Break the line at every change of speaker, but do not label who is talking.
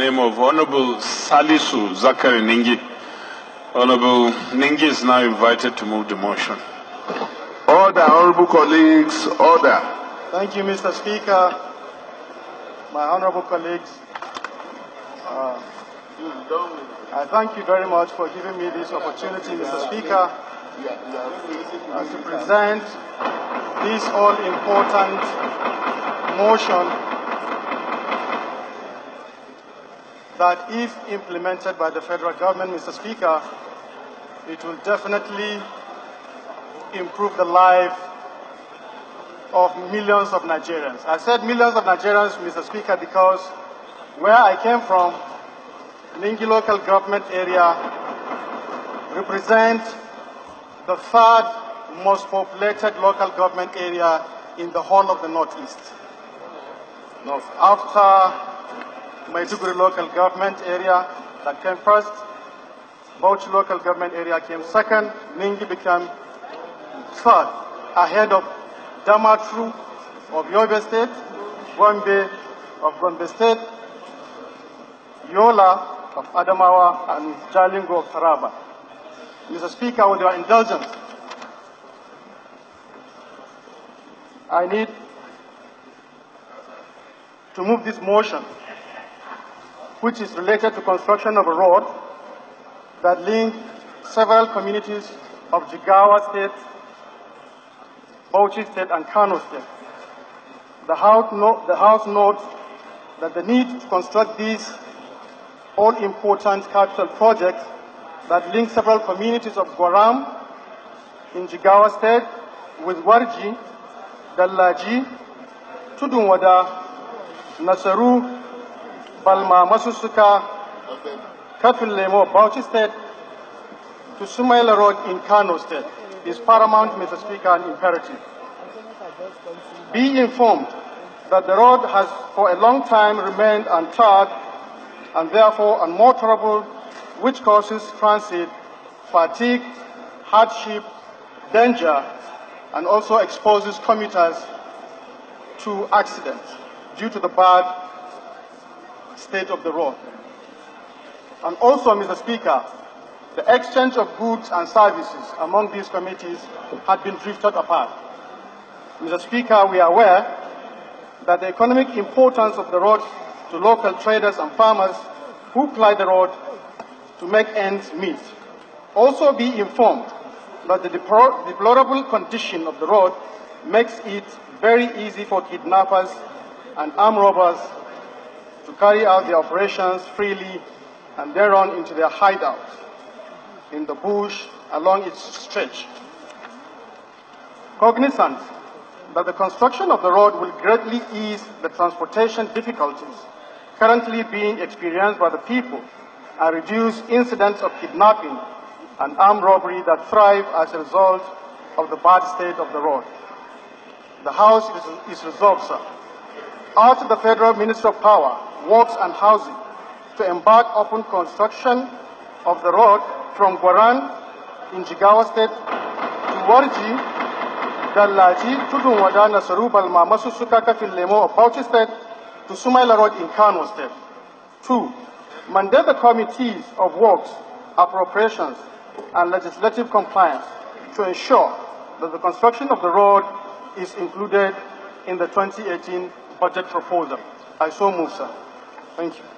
name of Honorable Salisu Zakari Ningi. Honorable Ningi is now invited to move the motion. Order, honorable colleagues, order. Thank you, Mr. Speaker. My honorable colleagues, uh, I thank you very much for giving me this opportunity, Mr. Speaker, uh, to present this all-important motion that if implemented by the federal government, Mr. Speaker, it will definitely improve the life of millions of Nigerians. I said millions of Nigerians, Mr. Speaker, because where I came from, Lingi local government area represents the third most populated local government area in the whole of the Northeast. North. After Maiduguri local government area that came first. Bauchi local government area came second. Ningi became third, ahead of Damatru of Yobe State, Gombe of Gombe State, Yola of Adamawa, and Jalingo of Taraba. Mr. Speaker, with your indulgence, I need to move this motion which is related to construction of a road that links several communities of Jigawa State, Bauchi State, and Kano State. The House, no, the House notes that the need to construct these all-important capital projects that link several communities of Guaram in Jigawa State with Warji, Dallaji, Tudunwada, Nasaru, Balma Masusuka, Katun Lemo, Bauchi State, to Sumaila Road in Kano State is paramount, Mr. Speaker, and imperative. Be informed that the road has for a long time remained untarred and therefore unmotorable, which causes transit fatigue, hardship, danger, and also exposes commuters to accidents due to the bad state of the road. And also, Mr. Speaker, the exchange of goods and services among these committees had been drifted apart. Mr. Speaker, we are aware that the economic importance of the road to local traders and farmers who ply the road to make ends meet. Also be informed that the deplorable condition of the road makes it very easy for kidnappers and armed robbers to carry out their operations freely and then run into their hideout in the bush along its stretch. Cognizant that the construction of the road will greatly ease the transportation difficulties currently being experienced by the people and reduce incidents of kidnapping and armed robbery that thrive as a result of the bad state of the road. The House is, is resolved, sir, after the Federal Minister of Power works and housing to embark upon construction of the road from Guaran in Jigawa State to Warji, Dallaji, Tudunwada, Nasaru, Balma, Masusuka, Kafin Lemo of Bauchi State to Sumaila Road in Kano State. Two, mandate the committees of works, appropriations, and legislative compliance to ensure that the construction of the road is included in the 2018 budget proposal. I so move, sir. Thank you.